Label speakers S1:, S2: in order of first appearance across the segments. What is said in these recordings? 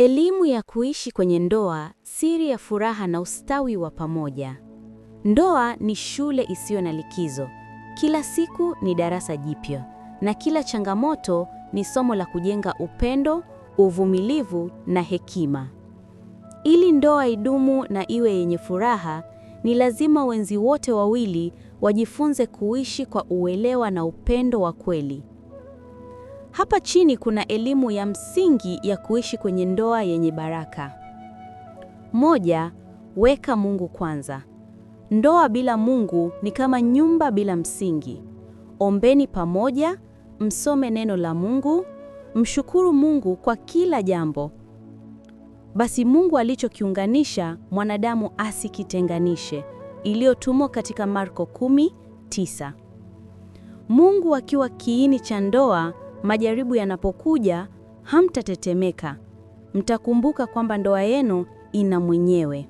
S1: Elimu ya kuishi kwenye ndoa, siri ya furaha na ustawi wa pamoja. Ndoa ni shule isiyo na likizo. Kila siku ni darasa jipya, na kila changamoto ni somo la kujenga upendo, uvumilivu na hekima. Ili ndoa idumu na iwe yenye furaha, ni lazima wenzi wote wawili wajifunze kuishi kwa uelewa na upendo wa kweli. Hapa chini kuna elimu ya msingi ya kuishi kwenye ndoa yenye baraka. Moja, weka Mungu kwanza. Ndoa bila Mungu ni kama nyumba bila msingi. Ombeni pamoja, msome neno la Mungu, mshukuru Mungu kwa kila jambo. Basi Mungu alichokiunganisha mwanadamu asikitenganishe, iliyotumwa katika Marko 10:9. Mungu akiwa kiini cha ndoa majaribu yanapokuja, hamtatetemeka. Mtakumbuka kwamba ndoa yenu ina mwenyewe.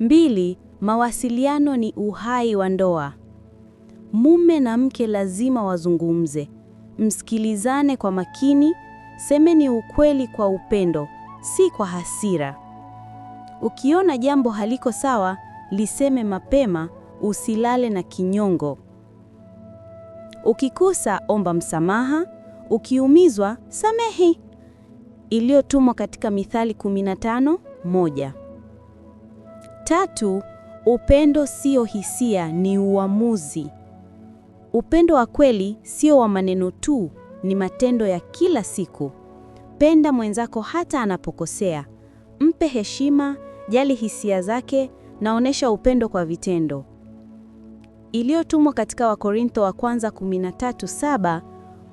S1: Mbili, mawasiliano ni uhai wa ndoa. Mume na mke lazima wazungumze, msikilizane kwa makini, semeni ukweli kwa upendo, si kwa hasira. Ukiona jambo haliko sawa, liseme mapema, usilale na kinyongo. Ukikosa omba msamaha, ukiumizwa samehi, iliyotumwa katika Mithali 15:1. Tatu, upendo sio hisia, ni uamuzi. Upendo wa kweli sio wa maneno tu, ni matendo ya kila siku. Penda mwenzako hata anapokosea, mpe heshima, jali hisia zake, naonesha upendo kwa vitendo iliyotumwa katika Wakorintho wa kwanza 13:7,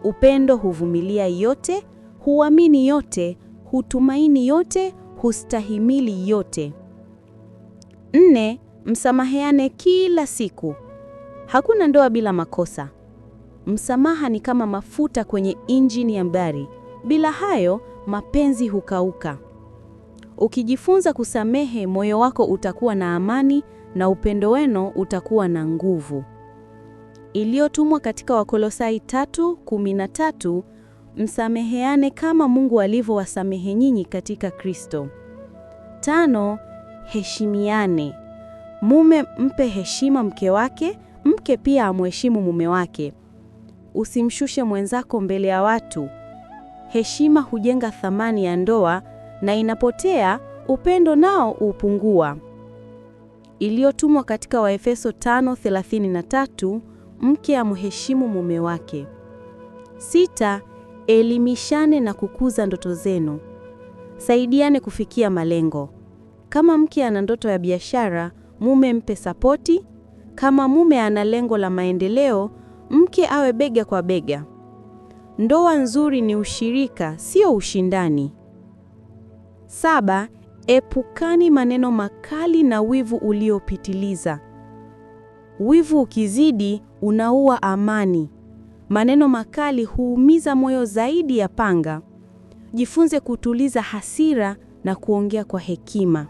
S1: upendo huvumilia yote, huamini yote, hutumaini yote, hustahimili yote. Nne, msamaheane kila siku. Hakuna ndoa bila makosa. Msamaha ni kama mafuta kwenye injini ya gari, bila hayo mapenzi hukauka. Ukijifunza kusamehe, moyo wako utakuwa na amani na upendo wenu utakuwa na nguvu. Iliyotumwa katika Wakolosai 3:13, msameheane kama Mungu alivyowasamehe nyinyi katika Kristo. Tano, heshimiane. Mume mpe heshima mke wake, mke pia amheshimu mume wake. Usimshushe mwenzako mbele ya watu. Heshima hujenga thamani ya ndoa na inapotea, upendo nao upungua iliyotumwa katika Waefeso 5:33, mke amheshimu mume wake. Sita, elimishane na kukuza ndoto zenu. Saidiane kufikia malengo. Kama mke ana ndoto ya biashara, mume mpe sapoti. Kama mume ana lengo la maendeleo, mke awe bega kwa bega. Ndoa nzuri ni ushirika, sio ushindani. Saba, Epukani maneno makali na wivu uliopitiliza. Wivu ukizidi unaua amani. Maneno makali huumiza moyo zaidi ya panga. Jifunze kutuliza hasira na kuongea kwa hekima.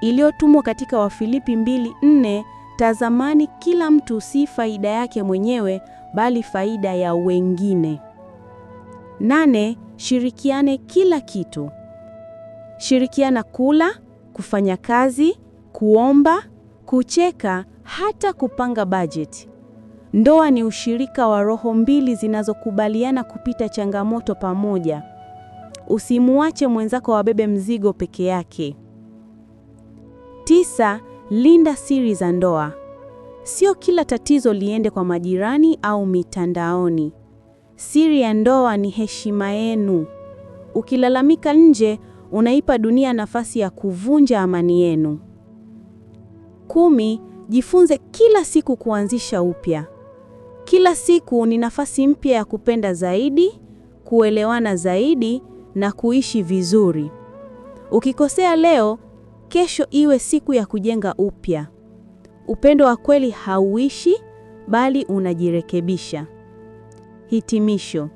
S1: Iliyotumwa katika Wafilipi 2:4, tazamani kila mtu si faida yake mwenyewe bali faida ya wengine. Nane, shirikiane kila kitu. Shirikiana kula, kufanya kazi, kuomba, kucheka, hata kupanga bajeti. Ndoa ni ushirika wa roho mbili zinazokubaliana kupita changamoto pamoja. Usimuache mwenzako wabebe mzigo peke yake. Tisa, linda siri za ndoa. Sio kila tatizo liende kwa majirani au mitandaoni. Siri ya ndoa ni heshima yenu. Ukilalamika nje, unaipa dunia nafasi ya kuvunja amani yenu. Kumi, jifunze kila siku kuanzisha upya. Kila siku ni nafasi mpya ya kupenda zaidi, kuelewana zaidi na kuishi vizuri. Ukikosea leo, kesho iwe siku ya kujenga upya. Upendo wa kweli hauishi bali unajirekebisha. Hitimisho.